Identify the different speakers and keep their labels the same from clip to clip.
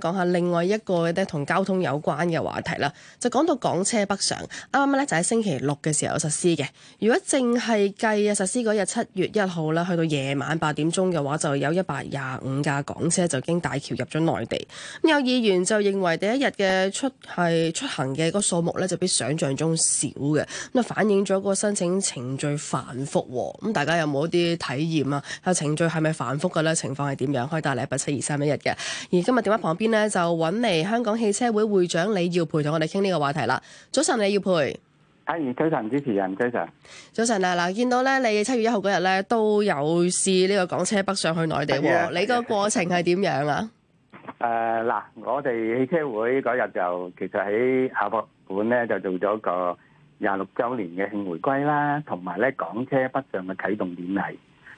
Speaker 1: 講下另外一個咧同交通有關嘅話題啦，就講到港車北上，啱啱咧就喺星期六嘅時候有實施嘅。如果淨係計啊實施嗰日七月一號啦，去到夜晚八點鐘嘅話，就有一百廿五架港車就經大橋入咗內地。咁有議員就認為第一日嘅出係出行嘅嗰個數目咧就比想象中少嘅，咁啊反映咗個申請程序繁複。咁大家有冇啲體驗啊？啊程序係咪繁複嘅咧？情況係點樣？可以帶嚟一八七二三一一嘅。而今日電話旁邊咧就揾嚟香港汽車會會長李耀培同我哋傾呢個話題啦。早晨，李耀培，
Speaker 2: 歡迎。早晨主持人，早晨。
Speaker 1: 早晨啊。嗱，見到咧你七月一號嗰日咧都有試呢個港車北上去內地，你個過程係點樣啊？
Speaker 2: 誒嗱，我哋汽車會嗰日就其實喺夏博館咧就做咗個廿六周年嘅慶回歸啦，同埋咧港車北上嘅啟動典禮。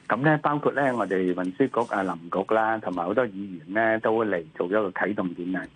Speaker 2: 咁咧，包括咧，我哋運輸局啊、林局啦，同埋好多議員咧，都會嚟做咗個啟動典禮。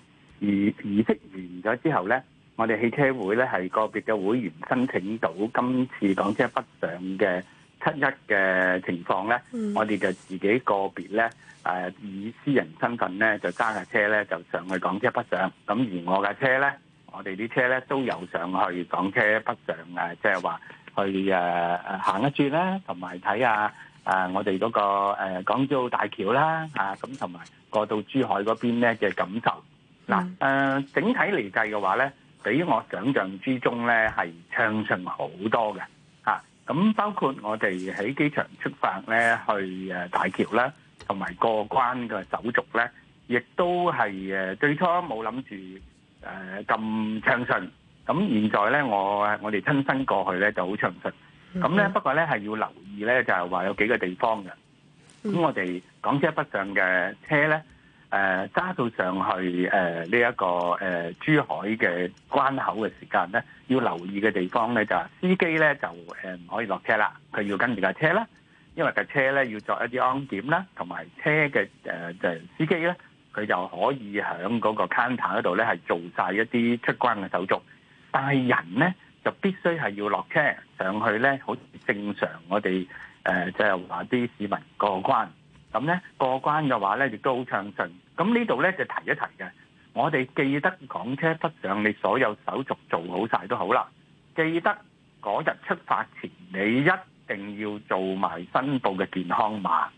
Speaker 2: 儀儀式完咗之後咧，我哋汽車會咧係個別嘅會員申請到今次港車北上嘅七一嘅情況咧，我哋就自己個別咧，誒以私人身份咧就揸架車咧就上去港車北上。咁而我架車咧，我哋啲車咧都有上去港車北上啊，即係話去誒行一轉啦，同埋睇下。啊！我哋嗰個誒港珠澳大橋啦，嚇咁同埋過到珠海嗰邊咧嘅感受，嗱誒整體嚟計嘅話咧，比我想象之中咧係暢順好多嘅嚇。咁包括我哋喺機場出發咧去誒大橋啦，同埋過關嘅手續咧，亦都係誒最初冇諗住誒咁暢順。咁現在咧，我我哋親身過去咧就好暢順。咁咧，不過咧係要留意咧，就係、是、話有幾個地方嘅。咁我哋港車北上嘅車咧，誒、呃、揸到上去誒呢一個誒、呃、珠海嘅關口嘅時間咧，要留意嘅地方咧就係、是、司機咧就誒唔、呃、可以落車啦，佢要跟住架車啦，因為架車咧要作一啲安檢啦，同埋車嘅誒就司機咧，佢就可以喺嗰個 counter 嗰度咧係做晒一啲出關嘅手續，但係人咧。就必須係要落車上去咧，好正常。我哋誒就係話啲市民過關，咁咧過關嘅話咧亦都暢順。咁呢度咧就提一提嘅，我哋記得港車北上，你所有手續做好曬都好啦。記得嗰日出發前，你一定要做埋申報嘅健康碼，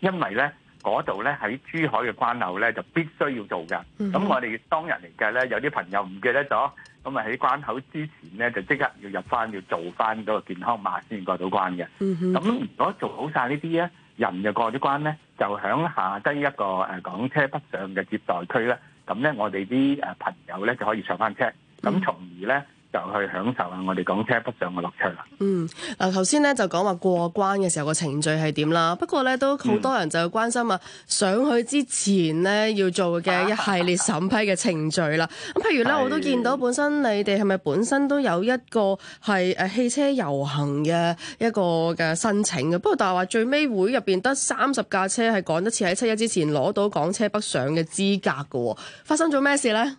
Speaker 2: 因為咧嗰度咧喺珠海嘅關口咧就必須要做嘅。咁我哋當日嚟計咧，有啲朋友唔記得咗。咁啊喺關口之前咧，就即刻要入翻，要做翻嗰個健康碼先過到關嘅。咁、mm hmm. 如果做好曬呢啲咧，人就過咗關咧，就響下低一個誒港車北上嘅接待區咧。咁咧，我哋啲誒朋友咧就可以上翻車，咁從而咧。Mm hmm. 就去享受下我哋港車
Speaker 1: 北上嘅樂趣啦。嗯，嗱頭先咧就講話過關嘅時候個程序係點啦。不過咧都好多人就關心啊，上去之前咧要做嘅一系列審批嘅程序啦。咁 譬如咧，我都見到本身你哋係咪本身都有一個係汽車遊行嘅一個嘅申請嘅。不過但係話最尾會入面得三十架車係趕得切喺七一之前攞到港車北上嘅資格㗎喎，發生咗咩事咧？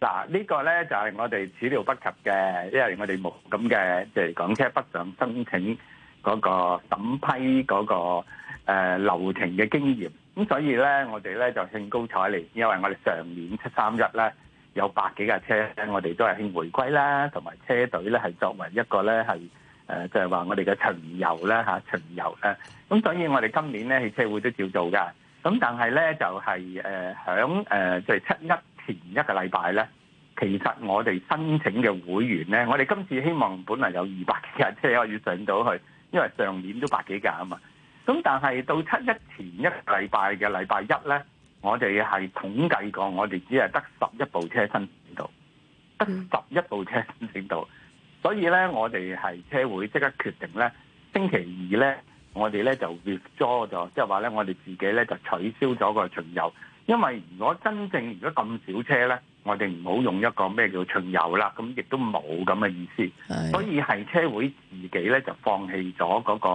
Speaker 2: 嗱，個呢個咧就係、是、我哋始料不及嘅，因為我哋冇咁嘅即係港車北上申請嗰個審批嗰、那個、呃、流程嘅經驗，咁所以咧我哋咧就興高采烈。因為我哋上年七三一咧有百幾架車，我哋都係慶回歸啦，同埋車隊咧係作為一個咧係、呃、就係、是、話我哋嘅巡遊啦吓，巡遊咧，咁所以我哋今年咧汽車會都照做㗎，咁但係咧就係誒響誒即係七一。前一個禮拜咧，其實我哋申請嘅會員咧，我哋今次希望本來有二百幾架車可以上到去，因為上年都百幾架啊嘛。咁但係到七一前一個禮拜嘅禮拜一咧，我哋係統計過，我哋只係得十一部車申請到，得十一部車申請到。所以咧，我哋係車會即刻決定咧，星期二咧，我哋咧就撤咗咗，即係話咧，我哋自己咧就取消咗個巡遊。因為如果真正如果咁少車咧，我哋唔好用一個咩叫巡遊啦，咁亦都冇咁嘅意思。所以係車會自己咧就放棄咗嗰個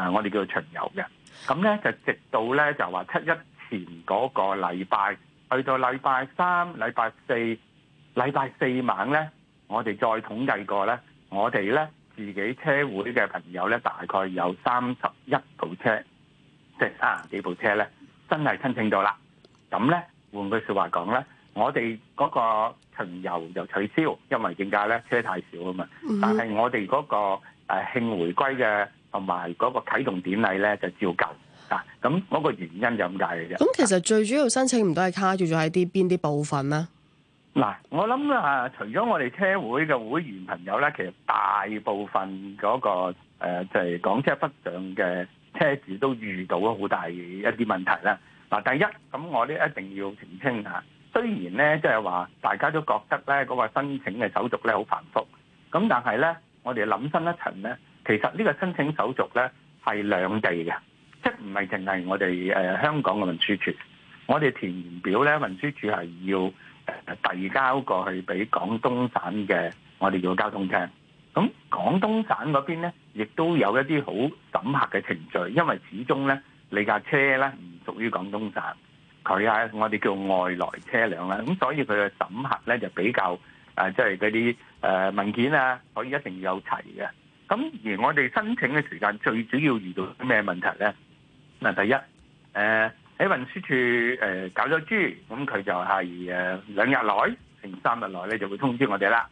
Speaker 2: 誒我哋叫做巡遊嘅。咁咧就直到咧就話七一前嗰個禮拜，去到禮拜三、禮拜四、禮拜四晚咧，我哋再統計過咧，我哋咧自己車會嘅朋友咧，大概有三十一部車，即係三十幾部車咧，真係申請到啦。咁咧，換句說話講咧，我哋嗰個巡遊就取消，因為點解咧？車太少啊嘛。Mm hmm. 但係我哋嗰個誒慶回歸嘅同埋嗰個啟動典禮咧，就照舊啊。咁嗰個原因就咁解嚟啫。咁
Speaker 1: 其實最主要申請唔到係卡住咗喺啲邊啲部分咧？
Speaker 2: 嗱，我諗啊，除咗我哋車會嘅會員朋友咧，其實大部分嗰、那個、呃、就係、是、港車北上嘅車主都遇到好大一啲問題啦。嗱，第一咁，我哋一定要澄清下。雖然咧，即係話大家都覺得咧，嗰個申請嘅手續咧好繁複，咁但係咧，我哋諗深一層咧，其實呢個申請手續咧係兩地嘅，即係唔係淨係我哋誒香港嘅運輸處，我哋填完表咧，運輸處係要誒遞交過去俾廣東省嘅我哋叫交通廳。咁廣東省嗰邊咧，亦都有一啲好審核嘅程序，因為始終咧你架車咧，屬於廣東省，佢係、啊、我哋叫外來車輛啦，咁所以佢嘅審核咧就比較誒，即係嗰啲誒文件啊，所以一定要有齊嘅。咁而我哋申請嘅時間最主要遇到啲咩問題咧？嗱，第一誒喺、啊、運輸署誒、啊、搞咗豬，咁佢就係誒、啊、兩日內，成三日內咧就會通知我哋啦。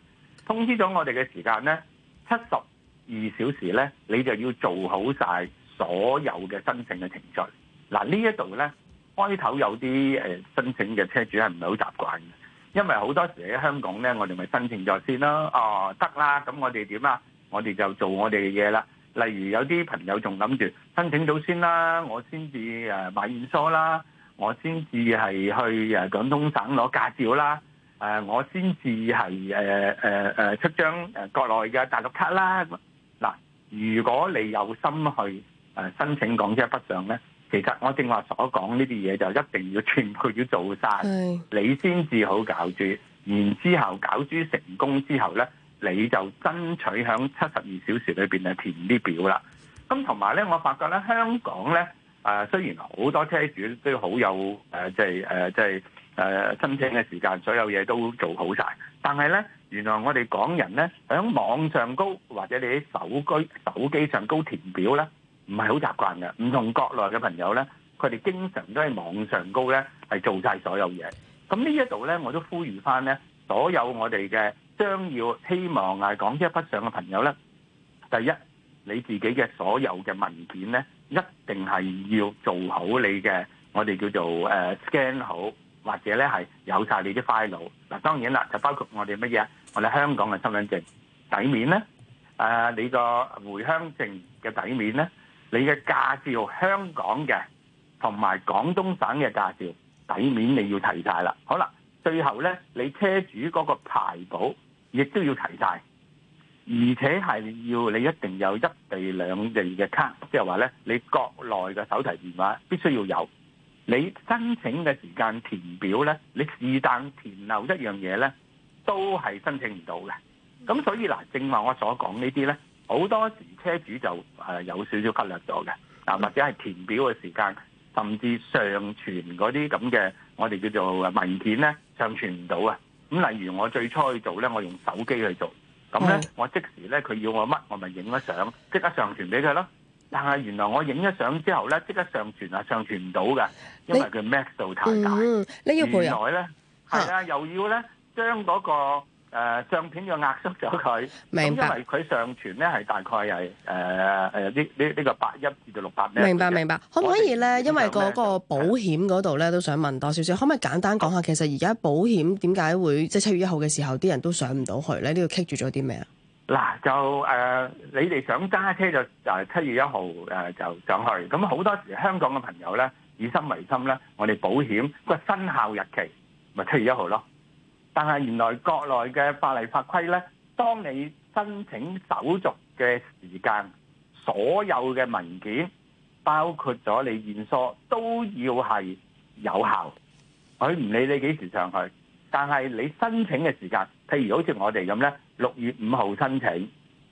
Speaker 2: 通知咗我哋嘅時間咧，七十二小時咧，你就要做好晒所有嘅申請嘅程序。嗱呢一度咧，開頭有啲誒申請嘅車主係唔係好習慣嘅？因為好多時喺香港咧，我哋咪申請咗先啦。哦，得啦，咁我哋點啊？我哋就做我哋嘅嘢啦。例如有啲朋友仲諗住申請咗先啦，我先至誒買現鈔啦，我先至係去誒廣東省攞駕照啦。我先至係誒誒出張誒國內嘅大陸卡啦。嗱，如果你有心去誒申請港車北上咧。其實我正話所講呢啲嘢就一定要全部要做晒，嗯是你先至好搞住，然之後搞住成功之後咧，你就爭取喺七十二小時裏面啊填啲表啦。咁同埋咧，我發覺咧香港咧誒、呃、雖然好多車主都好有誒即係誒即係誒申請嘅時間，所有嘢都做好晒，但係咧原來我哋港人咧喺網上高或者你喺手機手機上高填表咧，唔係好習慣嘅，唔同國內嘅朋友咧，佢哋經常都喺網上高咧，係做晒所有嘢。咁呢一度咧，我都呼籲翻咧，所有我哋嘅將要希望啊港車北上嘅朋友咧，第一你自己嘅所有嘅文件咧，一定係要做好你嘅我哋叫做誒 scan 好，或者咧係有晒你啲 file。嗱，當然啦，就包括我哋乜嘢，我哋香港嘅身份證底面咧，誒你個回鄉證嘅底面咧。你嘅駕照香港嘅同埋廣東省嘅駕照底面你要提晒啦，好啦，最後呢，你車主嗰個牌簿亦都要提晒，而且係要你一定有一地兩地嘅卡，即係話呢，你國內嘅手提電話必須要有，你申請嘅時間填表呢，你是但填漏一樣嘢呢，都係申請唔到嘅。咁所以嗱，正話我所講呢啲呢。好多時車主就有少少忽略咗嘅，或者係填表嘅時間，甚至上傳嗰啲咁嘅我哋叫做文件咧，上傳唔到啊。咁例如我最初去做咧，我用手機去做，咁咧是我即時咧，佢要我乜，我咪影咗相，即刻上傳俾佢咯。但係原來我影咗相之後咧，即刻上傳啊，上傳唔到嘅，因為佢 max 度太
Speaker 1: 大。你，嗯、你要回來
Speaker 2: 咧，係啊，啊，又要咧將嗰、嗰個。誒、呃、相片要壓縮咗佢，明白，佢上傳咧係大概係誒誒呢呢呢個八一至到六八咧。明白明白，可
Speaker 1: 唔可以咧？因為嗰、那個嗯、個保險嗰度咧，都想問多少少，可唔可以簡單講下？其實而家保險點解會即係七月一號嘅時候啲人都上唔到去咧？呢度棘住咗啲咩啊？
Speaker 2: 嗱，就誒、呃、你哋想揸車就七月一號、呃、就上去。咁好多時香港嘅朋友咧以心為心咧，我哋保險個生效日期咪七、就是、月一號咯。但係原來國內嘅法例法規呢，當你申請手續嘅時間，所有嘅文件包括咗你驗疏都要係有效。佢唔理你幾時上去，但係你申請嘅時間，譬如好似我哋咁呢，六月五號申請，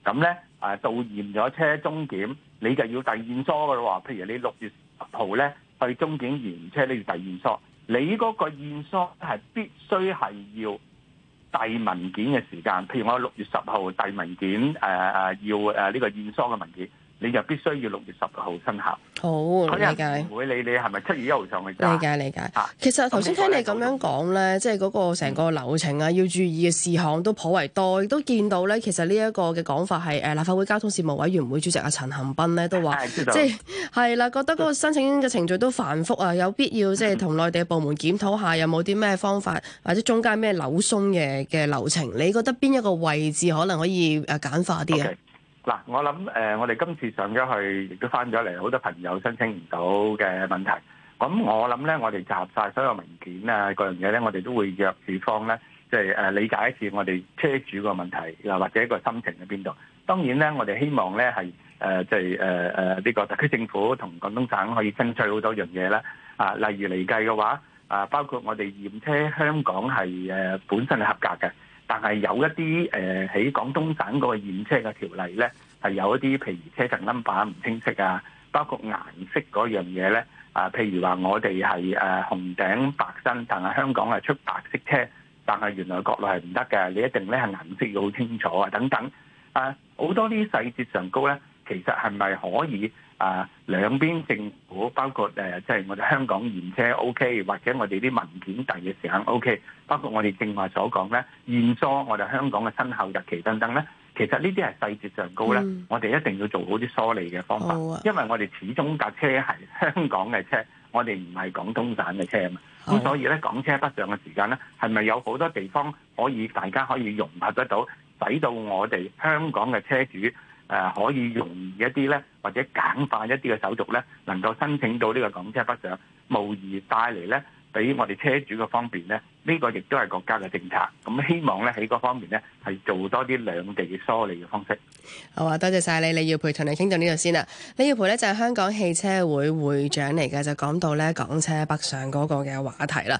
Speaker 2: 咁呢，啊到驗咗車中檢，你就要遞驗疏㗎喇喎。譬如你六月十號呢，去中檢驗車，都要遞驗疏。你嗰個驗收係必須係要遞文件嘅時間，譬如我六月十號遞文件，誒、呃、要誒呢個驗收嘅文件。你
Speaker 1: 就必須要六月十號生效。好，理解。會
Speaker 2: 理你係咪七月一號上去？理解，理解。啊、其
Speaker 1: 實頭先聽你咁樣講呢，即係嗰個成個流程啊，要注意嘅事項都頗為多，亦都見到呢，其實呢一個嘅講法係誒、呃、立法會交通事務委員會主席阿陳恆鑌呢都話，哎、知道即係啦，覺得嗰個申請嘅程序都繁複啊，有必要即係同內地部門檢討下，有冇啲咩方法、嗯、或者中間咩扭鬆嘅嘅流程？你覺得邊一個位置可能可以誒簡化啲嘅？Okay.
Speaker 2: 嗱，我諗誒，我哋今次上咗去，亦都翻咗嚟，好多朋友申請唔到嘅問題。咁我諗咧，我哋集晒所有文件啊，各樣嘢咧，我哋都會約住方咧，即係誒理解一次我哋車主個問題，又或者個心情喺邊度。當然咧，我哋希望咧係誒即係誒誒呢個特區政府同廣東省可以爭取好多樣嘢啦。啊，例如嚟計嘅話，啊包括我哋驗車香港係誒本身係合格嘅。但係有一啲誒喺廣東省嗰個驗車嘅條例呢，係有一啲譬如車陣冧巴唔清晰啊，包括顏色嗰樣嘢呢。啊，譬如話我哋係誒紅頂白身，但係香港係出白色車，但係原來國內係唔得嘅，你一定呢係顏色要好清楚啊等等，啊好多啲細節上高呢，其實係咪可以？啊！兩邊政府包括誒，即、呃、係、就是、我哋香港驗車 O、OK, K，或者我哋啲文件遞嘅時間 O K，包括我哋正話所講咧，驗駕我哋香港嘅生效日期等等咧，其實呢啲係細節上高咧，嗯、我哋一定要做好啲梳理嘅方法，哦、因為我哋始終架車係香港嘅車，我哋唔係廣東省嘅車啊嘛，咁的所以咧港車北上嘅時間咧，係咪有好多地方可以大家可以融合得到，使到我哋香港嘅車主？誒可以容易一啲咧，或者簡化一啲嘅手續咧，能夠申請到呢個港車北上，無疑帶嚟咧，俾我哋車主嘅方便咧。呢、呢個亦都係國家嘅政策，咁希望咧喺嗰方面咧係做多啲兩地嘅梳理嘅方式。
Speaker 1: 好啊，多謝晒你，李耀培，同你傾到呢度先啦。李耀培咧就係香港汽車會會長嚟嘅，就講到咧港車北上嗰個嘅話題啦。